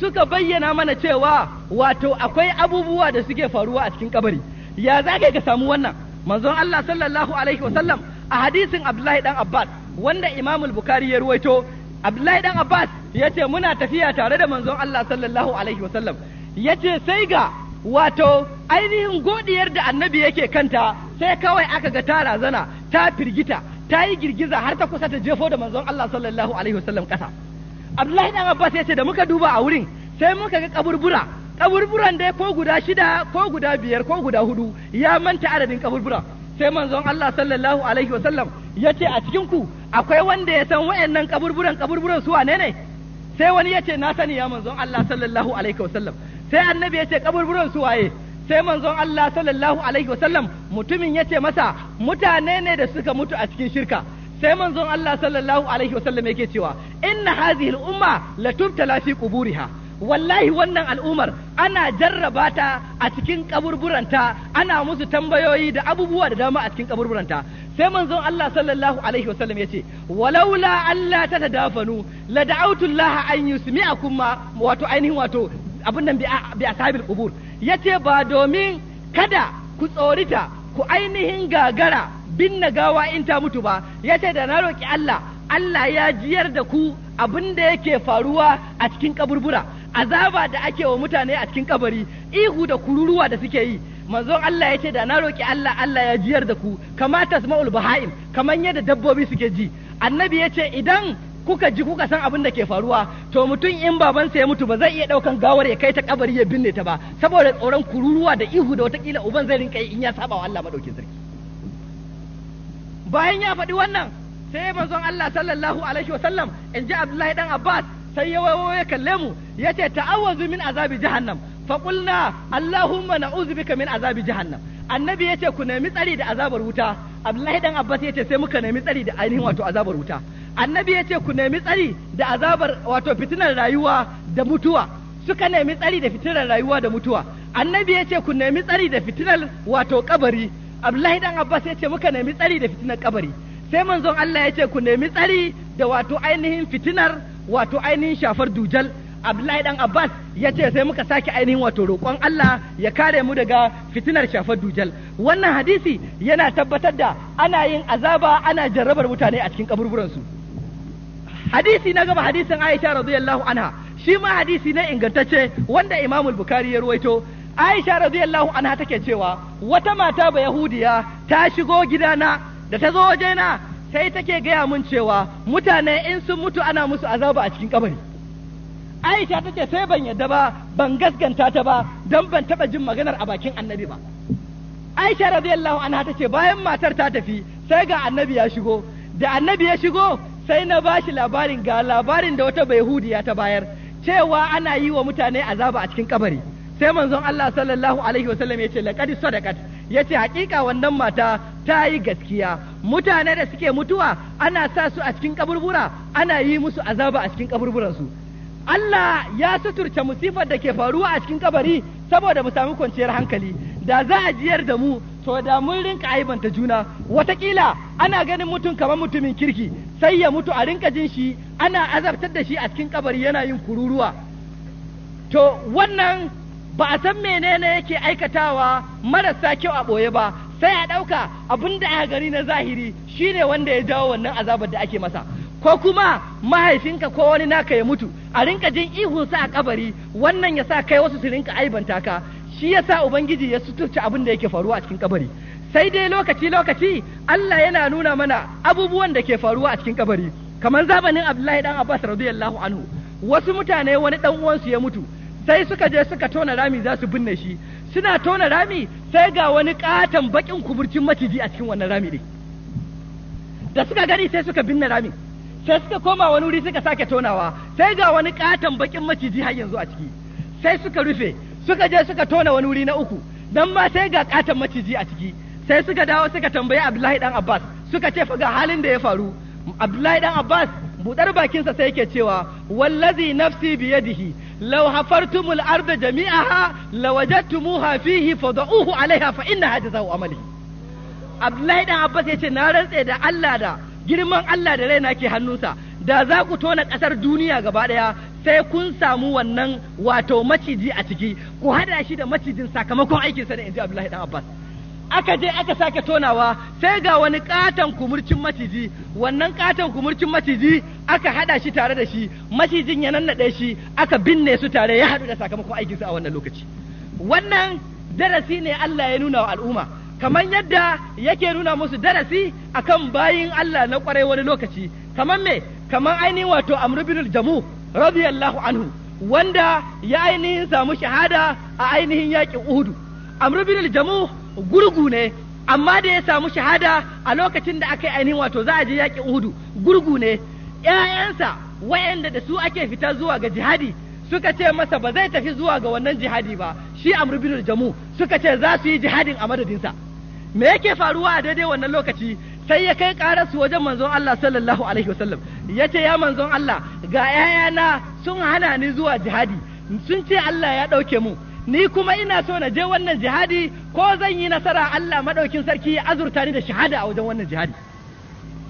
suka bayyana mana cewa wato akwai abubuwa da suke faruwa a cikin kabari ya zage ka samu wannan manzon Allah sallallahu alaihi wasallam a hadisin Abdullahi dan Abbas wanda Imam Bukhari ya ruwaito Abdullahi dan Abbas ya muna tafiya tare da manzon Allah sallallahu alaihi wasallam ya ce sai ga wato ainihin godiyar da annabi yake kanta sai kawai aka ga ta razana ta firgita ta yi girgiza har ta kusa ta jefo da manzon Allah sallallahu alaihi wasallam kasa abdullahi dan abbas ya ce da muka duba a wurin sai muka ga kaburbura kaburburan dai ko guda shida ko guda biyar ko guda hudu ya manta adadin kaburbura sai manzon Allah sallallahu alaihi wa sallam ya ce a cikin ku akwai wanda ya san wayannan kaburburan kaburburan su wane ne sai wani ya ce na sani ya manzon Allah sallallahu alaihi wa sallam sai annabi ya ce kaburburan su waye sai manzon Allah sallallahu alaihi wa sallam mutumin ya ce masa mutane ne da suka mutu a cikin shirka sai manzon Allah sallallahu alaihi wasallam yake cewa inna hadhihi al-umma latubtala fi quburiha wallahi wannan al'umar ana jarrabata a cikin kaburburanta ana musu tambayoyi da abubuwa da dama a cikin kaburburanta sai manzon Allah sallallahu alaihi wasallam yace walaula Allah ta tadafanu la da'awtu Allah an yusmi'akum wato ainihin wato abin nan bi ashabil qubur yace ba domin kada ku tsorita ku ainihin gagara bin na gawa in ta mutu ba ya ce da na roƙi Allah Allah ya jiyar da ku abin da yake faruwa a cikin kaburbura azaba da ake wa mutane a cikin ƙabari ihu da kururuwa da suke yi manzon Allah ya ce da na roƙi Allah Allah ya jiyar da ku kama tasma'ul baha'im kamar yadda dabbobi suke ji annabi ya ce idan kuka ji kuka san abin da ke faruwa to mutum in babansa ya mutu ba zai iya daukan gawar ya kai ta kabari ya binne ta ba saboda tsoron kururuwa da ihu da wata watakila uban zai rinka in ya saba wa Allah madaukin sarki bayan ya faɗi wannan sai manzon Allah sallallahu alaihi wa sallam in ji Abdullahi dan Abbas sai ya wayo ya kalle mu yace ta'awwazu min azabi jahannam fa qulna allahumma na'udhu bika min azabi jahannam annabi yace ku nemi tsari da azabar wuta Abdullahi dan Abbas yace sai muka nemi tsari da ainihin wato azabar wuta annabi ya ce ku nemi tsari da azabar wato fitinar rayuwa da mutuwa suka nemi tsari da fitinar rayuwa da mutuwa annabi ya ce ku nemi tsari da fitinar wato kabari abdullahi dan abbas ya ce muka nemi tsari da fitinar kabari sai manzon Allah ya ce ku nemi tsari da wato ainihin fitinar wato ainihin shafar dujal abdullahi dan abbas ya ce sai muka sake ainihin wato roƙon Allah ya kare mu daga fitinar shafar dujal wannan hadisi yana tabbatar da ana yin azaba ana jarrabar mutane a cikin kaburburansu hadisi na gaba hadisin Aisha radiyallahu anha shi ma hadisi na ingantacce wanda Imam Bukhari ya ruwaito Aisha radiyallahu anha take cewa wata mata ba Yahudiya ta shigo gidana da ta zo wajena sai take gaya mun cewa mutane in sun mutu ana musu azaba a cikin kabari Aisha take sai ban yadda ba ban gaskanta ta ba dan ban taba jin maganar a bakin annabi ba Aisha radiyallahu anha tace bayan matar ta tafi sai ga annabi ya shigo da annabi ya shigo sai na ba shi labarin ga labarin da wata ya ta bayar cewa ana yi wa mutane azaba a cikin kabari sai manzon Allah sallallahu alaihi wasallam ya ce laqad sadaqat ya ce hakika wannan mata ta yi gaskiya mutane da suke mutuwa ana sa su a cikin kaburbura ana yi musu azaba a cikin kaburburansu Allah ya suturce musifar da ke faruwa a cikin kabari saboda mu sami kwanciyar hankali da za a jiyar da mu to da mun rinka aibanta juna watakila ana ganin mutum kamar mutumin kirki sai ya mutu a rinka jin shi ana azabtar da shi a cikin kabari yana yin kururuwa to wannan ba a san menene yake aikatawa marasa kyau a ɓoye ba sai a ɗauka abin da a gani na zahiri shine wanda ya jawo wannan azabar da ake masa ko kuma mahaifinka ko wani naka ya mutu a rinka jin ihunsa a kabari wannan ya sa kai wasu su rinka aibanta ka shi yasa ubangiji ya suturci abin da yake faruwa a cikin kabari sai dai lokaci lokaci Allah yana nuna mana abubuwan da ke faruwa a cikin kabari kamar zamanin Abdullahi dan Abbas radiyallahu anhu wasu mutane wani dan uwansu ya mutu sai suka je suka tona rami za su binne shi suna tona rami sai ga wani katon bakin kuburcin maciji a cikin wannan rami ne da suka gani sai suka binne rami sai suka koma wani wuri suka sake tonawa sai ga wani katon bakin maciji har yanzu a ciki sai suka rufe suka je suka tona wani wuri na uku dan ma sai ga katon maciji a ciki sai suka dawo suka tambayi Abdullahi dan Abbas suka ce fa ga halin da ya faru Abdullahi dan Abbas budar sa sai yake cewa wallazi nafsi biyadihi law hafartumul arda jami'aha lawajadtumuha fihi fad'uhu alaiha fa innaha jazaa'u amali Abdullahi dan Abbas yace na rantse da Allah da girman Allah da raina ke hannunsa da za ku tona ƙasar duniya gaba ɗaya sai kun samu wannan wato maciji a ciki ku hada shi da macijin sakamakon aikinsa da inji Abdullahi dan Abbas aka je aka sake tonawa sai ga wani katon kumurcin maciji wannan katon kumurcin maciji aka hada shi tare da shi macijin ya nannaɗe shi aka binne su tare ya hadu da sakamakon aikinsa a wannan lokaci wannan darasi ne Allah ya nuna wa al'umma kaman yadda yake nuna musu darasi akan bayin Allah na kwarai wani lokaci kamar me kaman ainihin wato amrubinul jamu radiyallahu anhu wanda ya ainihin samu shahada a ainihin yaƙin Uhudu Amr bin al-Jamuh gurgu ne amma da ya samu shahada a lokacin da aka yi ainihin wato za a je yaƙin Uhudu gurgu ne ƴaƴansa wayanda da su ake fita zuwa ga jihadi suka ce masa ba zai tafi zuwa ga wannan jihadi ba shi Amr bin al suka ce za su yi jihadin a madadinsa me yake faruwa a daidai wannan lokaci sai ya kai ƙararsu wajen manzon Allah sallallahu alaihi wasallam ya ce ya manzon Allah ga ‘ya'yana sun hana ni zuwa jihadi sun ce Allah ya ɗauke mu ni kuma ina so na je wannan jihadi ko zan yi nasara Allah maɗaukin sarki ya azurta ni da shahada a wajen wannan jihadi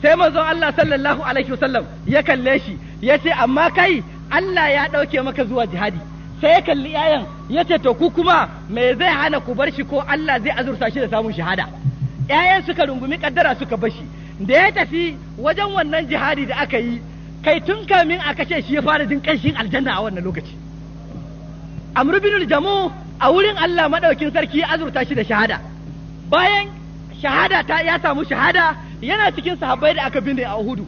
sai manzon Allah sallallahu alaihi wasallam ya kalle shi ya ce amma kai Allah ya ɗauke maka zuwa jihadi sai ya kalli ‘ya'yan ya ce to ku kuma me zai hana ku bar shi ko Allah zai azurta shi da samun shahada ƴaƴan suka rungumi ƙaddara suka bashi da ya tafi wajen wannan jihadi da aka yi kai tun kamin a kashe shi ya fara jin kanshin aljanna a wannan lokaci amru bin jamu a wurin Allah madaukin sarki ya azurta shi da shahada bayan shahada ta ya samu shahada yana cikin sahabbai da aka binne a Uhudu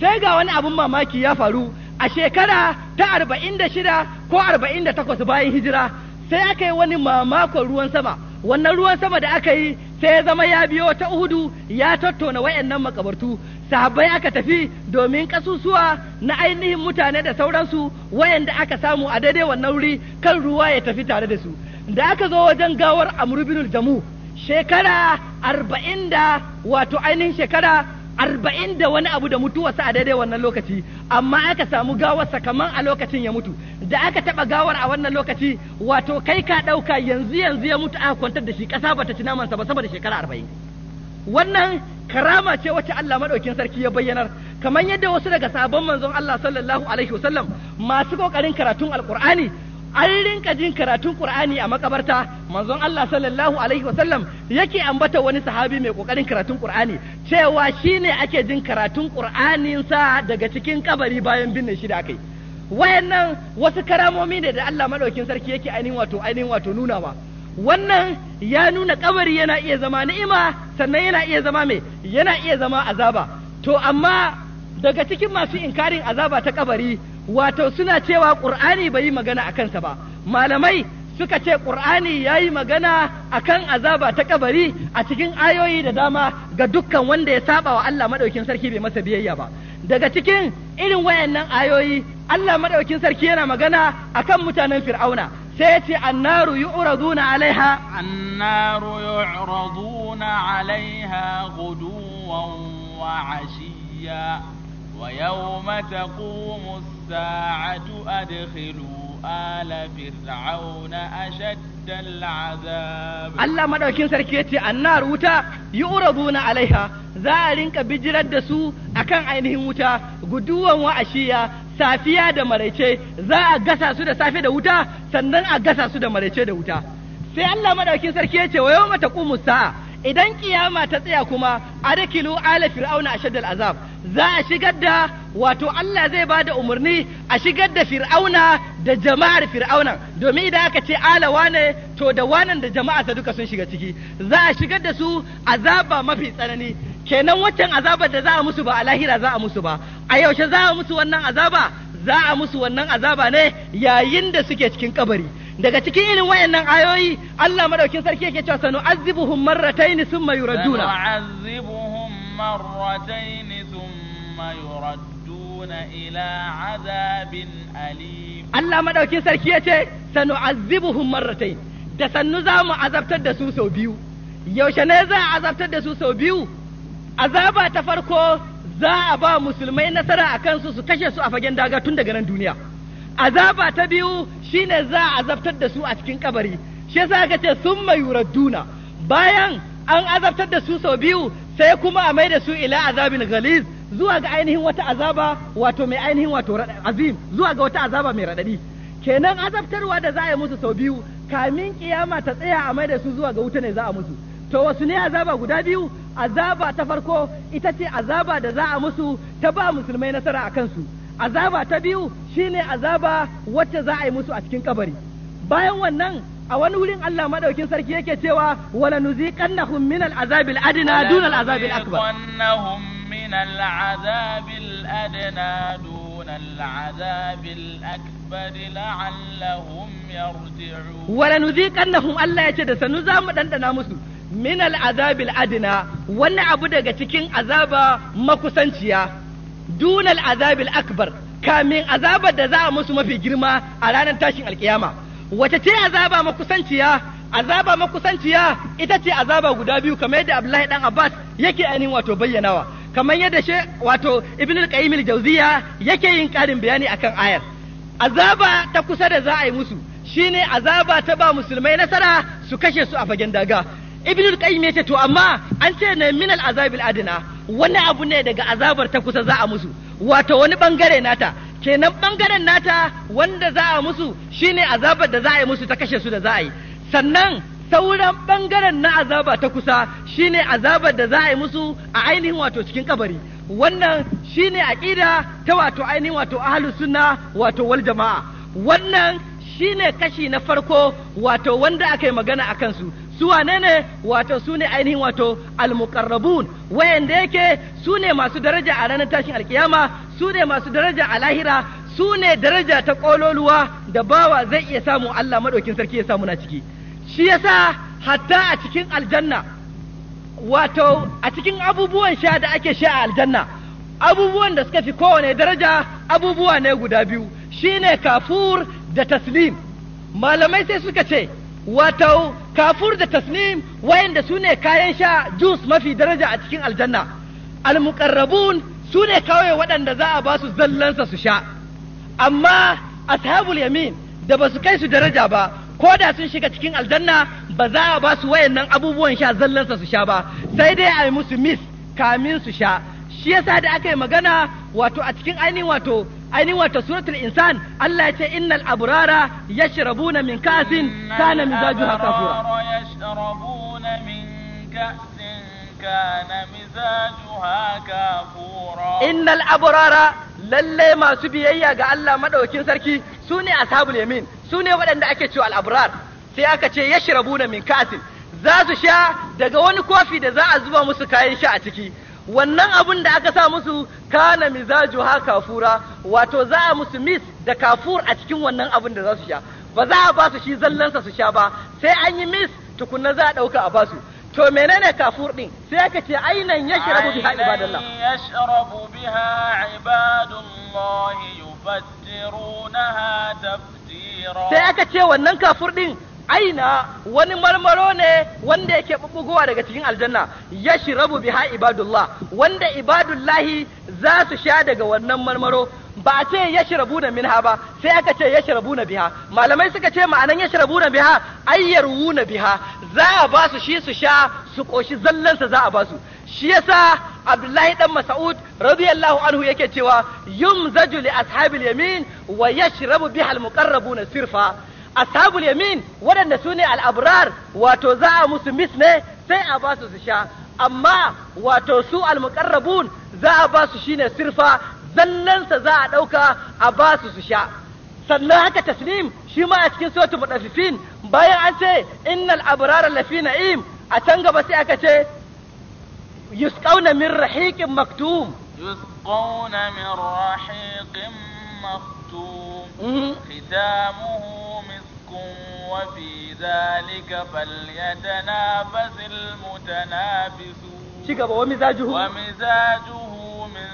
sai ga wani abun mamaki ya faru a shekara ta arba'in da shida ko arba'in da takwas bayan hijira sai aka yi wani mamakon ruwan sama wannan ruwan sama da aka yi sai zama ya biyo ta uhudu ya tattauna wayannan makabartu sahabbai aka tafi domin kasusuwa na ainihin mutane da sauransu wayanda aka samu a daidai wannan wuri kan ruwa ya tafi tare da su da aka zo wajen gawar amru jamu shekara arba'in da wato ainihin shekara arba'in da wani abu da mutuwarsa a daidai wannan lokaci amma aka samu gawarsa kamar a lokacin ya mutu da aka taba gawar a wannan lokaci wato kai ka ɗauka yanzu yanzu ya mutu aka kwantar da shi ƙasa bata ci namansa ba saboda shekara arba'in wannan karama ce wacce Allah madaukin sarki ya bayyanar kamar yadda wasu daga sabon manzon Allah sallallahu alaihi wasallam masu kokarin karatun alqur'ani an rinka jin karatun Qur'ani a makabarta manzon Allah sallallahu alaihi wasallam yake ambata wani sahabi mai kokarin karatun Qur'ani cewa shine ake jin karatun Qur'anin sa daga cikin kabari bayan binne shi da akai wayannan wasu karamomi ne da Allah madaukin sarki yake ainihin wato ainihin wato nunawa wannan ya nuna kabari yana iya zama ni'ima sannan yana iya zama me yana iya zama azaba to amma daga cikin masu inkarin azaba ta kabari wato suna cewa ƙur'ani bai yi magana a kansa ba malamai suka ce ƙur'ani ya yi magana a kan azaba ta kabari a cikin ayoyi da dama ga dukkan wanda ya saba wa Allah maɗaukin sarki bai masa biyayya ba daga cikin irin wayannan ayoyi Allah maɗaukin sarki yana magana a kan mutanen fir'auna yi سيتي النار yi عليها النار alaiha guduwan wa ashiya Wayau mata kumusa, aju a da hiru, Allah Maɗaukin Sarki yace, annar wuta, yi urabu na alaiha!' Za a rinƙa bijirar da su akan ainihin wuta, guduwan wa'ashi, safiya da maraice, za a gasa su da safe da wuta, sannan a gasa su da maraice da wuta. Sai Allah Maɗaukin Sarki yace, wayo mata kumusa!' idan kiyama ta tsaya kuma a adkilu ala fir'auna a azab za a shigar da wato Allah zai ba da umarni a shigar da fir'auna da jama'ar fir'auna domin idan aka ce ala wane to da wanan da ta duka sun shiga ciki za a shigar da su azaba mafi tsanani kenan waccan azabar da za a musu ba a lahira za a musu ba a yaushe za a musu wannan azaba za a musu wannan azaba ne yayin da suke cikin kabari daga cikin irin wayannan ayoyi Allah madaukin sarki yake cewa sanu azibuhum marratayn thumma yuraduna azibuhum marratayn thumma yuraduna ila azabin alim Allah madaukin sarki yace sanu azibuhum marratayn da sannu za mu azabtar da su sau biyu yaushe ne za a azabtar da su sau biyu azaba ta farko za a ba musulmai nasara a kansu su kashe su a fagen daga tun daga nan duniya azaba ta biyu shine za a azabtar da su a cikin kabari shi yasa aka ce sun mayuradduna bayan an azabtar da su sau biyu sai kuma a maida su ila azabin ghaliz zuwa ga ainihin wata azaba wato mai ainihin wato azim zuwa ga wata azaba mai radadi kenan azabtarwa da za a yi musu sau biyu kamin kiyama ta tsaya a maida su zuwa ga wuta ne za a musu to wasu ne azaba guda biyu azaba ta farko ita ce azaba da za a musu ta ba musulmai nasara a kansu azaba ta biyu shine azaba wacce za a yi musu a cikin kabari bayan wannan a wani wurin Allah madaukin sarki yake cewa wala nuziqannahum min al-azabil adna dun al-azabil akbar annahum min al-azabil adna dun al-azabil akbar la'allahum yarji'un wala nuziqannahum Allah yace da sanu za mu dandana musu min al-azabil adna wani abu daga cikin azaba makusanciya dunal azabil akbar kamin azabar da za a musu mafi girma a ranar tashin alkiyama wace ce azaba makusanciya azaba makusanciya ita ce azaba guda biyu kamar yadda Abdullahi dan Abbas yake ainihin wato bayyanawa kamar yadda she wato Ibn al-Qayyim yake yin karin bayani akan ayar azaba ta kusa da za a yi musu shine azaba ta ba musulmai nasara su kashe su a fagen daga Ibn al yace to amma an ce ne min al-azabil wani abu ne daga azabar ta kusa za a musu wato wani bangare nata kenan bangaren nata wanda za a musu shine azabar da za a yi musu ta kashe su da za a yi sannan sauran bangaren na azaba ta kusa shine azabar da za a yi musu a ainihin wato cikin kabari wannan shine aqida ta wato ainihin wato ahlus sunna wato wal jama'a wannan shine kashi na farko wato wanda aka yi magana a kansu su wane ne wato su ne ainihin wato wayan wayanda yake su ne masu daraja a ranar tashin alkiyama su ne masu daraja a lahira su ne daraja ta kololuwa da bawa zai iya samu Allah madaukin sarki ya samu na ciki shi yasa hatta a cikin aljanna wato a cikin abubuwan sha da ake sha a aljanna abubuwan da suka fi kowane daraja abubuwa ne guda biyu shine kafur da taslim malamai sai suka ce wato kafur da tasnim wayanda su ne kayan sha jus mafi daraja a cikin aljanna almukarrabu su ne kawai waɗanda za a ba su zallansa su sha amma ashabul yamin da ba su kai su daraja ba ko da sun shiga cikin aljanna ba za a ba su wayannan abubuwan sha zallansa su sha ba sai dai a yi musu mis kamin su sha shi yasa da aka yi magana wato a cikin ainihin wato ainihin wata suratul insan Allah ya ce innal abrara yashrabuna min ka'sin kana mizajuha kafura yashrabuna min ka'sin kana mizajuha kafura innal lalle masu biyayya ga Allah madaukin sarki su ne ashabul yamin su ne waɗanda ake cewa al-abrar sai aka ce yashrabuna min ka'sin za su sha daga wani kofi da za a zuba musu kayan sha a ciki wannan abun da aka sa musu kana mizaju ha kafura wato za a musu mis da kafur a cikin wannan abun da za su sha ba za a ba su shi zallansa su sha ba sai an yi mis tukunna za a ɗauka a basu to menene kafur din sai aka ce ainan yashrabu biha ibadallah yashrabu biha ibadallah yubaddirunaha sai aka ce wannan kafur din aina wani marmaro ne wanda yake bubbugowa daga cikin aljanna yashrabu biha ibadullah wanda ibadullahi za su sha daga wannan marmaro ba a ce yashrabuna minha ba sai aka ce yashrabuna biha malamai suka ce ma'anan yashrabuna biha ayyaruna biha za a ba su shi su sha su koshi zallansa za a ba su shi yasa Abdullahi dan Mas'ud radiyallahu anhu yake cewa yumzaju li ashabil yamin wa yashrabu biha al muqarrabuna sirfa أصحاب اليمين ولا سوني الأبرار وتوزعوا مسمس نه سي أباسو سشا أما واتو وتوسو المقربون زا أباسو شين سرفا زلن سزا أدوكا أباسو سشا سنهك تسليم شما أتكين سوة متنففين بايا أنسي إن الأبرار اللي في نعيم أتنغ بسي أكتي يسقون من رحيق مكتوم يسقون من رحيق مكتوم ختامه منكم وفي ذلك فليتنافس المتنافسون ومزاجه ومزاجه من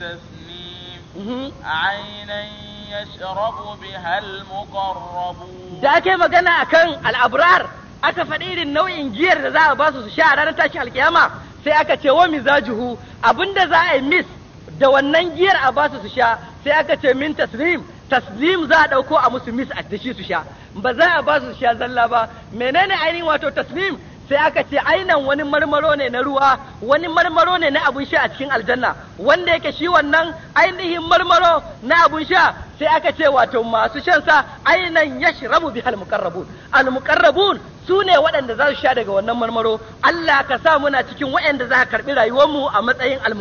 تسنيم عينا يشرب بها المقربون da ake magana akan al'abrar aka faɗi irin nau'in giyar da za a ba su su sha a ranar tashi alkiyama sai aka ce wa mizajuhu abinda za a yi mis da wannan giyar a ba su su sha sai aka ce min taslim taslim za a ɗauko a musu mis da shi su sha ba za a ba su sha zalla ba menene ainihin wato taslim sai aka ce ainan wani marmaro ne na ruwa wani marmaro ne na abun sha a cikin aljanna wanda yake shi wannan ainihin marmaro na abun sha sai aka ce wato masu shan sa ainan yashrabu bihal muqarrabun al muqarrabun su ne waɗanda za su sha daga wannan marmaro Allah ka sa muna cikin waɗanda za ka karɓi rayuwarmu a matsayin al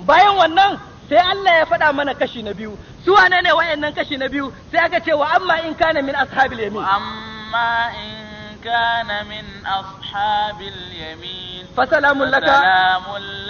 bayan wannan sai Allah ya faɗa mana kashi na biyu su wane ne wayannan kashi na biyu sai aka ce wa amma in kana min ashabil yamin amma in kana min ashabil yamin fa laka salamun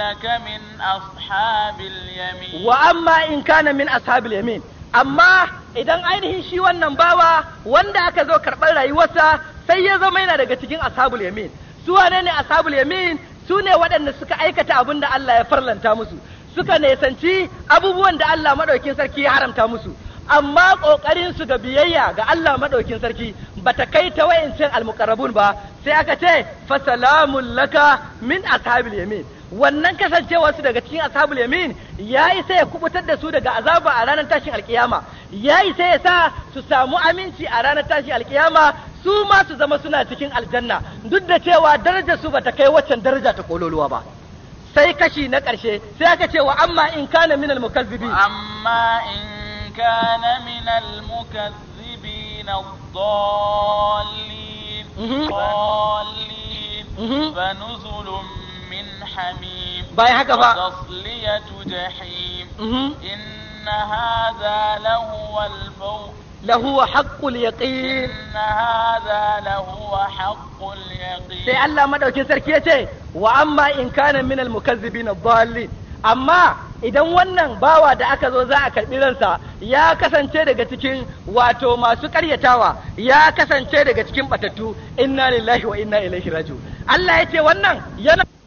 laka min ashabil yamin wa amma in kana min ashabil yamin amma idan ainihin shi wannan bawa wanda aka zo karɓar rayuwarsa sai ya zama yana daga cikin ashabul yamin su wane ne ashabul yamin su ne waɗanda suka aikata abin da Allah ya farlanta musu suka nesanci abubuwan da Allah maɗaukin sarki ya haramta musu amma ƙoƙarinsu ga biyayya ga Allah maɗaukin sarki ba ta kai ta wayancin almukarabun ba sai aka ce fasalamun laka min ashabil yamin wannan kasancewa su daga cikin ashabul yamin ya isa ya kubutar da su daga azaba a ranar tashin alkiyama ya isa ya sa su samu aminci a ranar tashin alkiyama su ma su zama suna cikin aljanna duk da cewa darajar su ba ta kai waccan daraja ta kololuwa ba sai kashi na ƙarshe sai aka ce wa amma in kana minal mukazzibi amma in kana minal mukazzibi na dallin dallin nuzulun min hamim bai haka fa tasliyatu jahim in hadha lahu wal fawq لهو حق اليقين إن هذا لهو حق اليقين سي الله مدوكين سركيتي وأما إن كان من المكذبين الضالين amma idan wannan bawa da aka zo za a karɓi ransa ya kasance daga cikin wato masu ƙaryatawa ya kasance daga cikin batattu inna lillahi wa inna ilaihi raji'un Allah ya ce wannan yana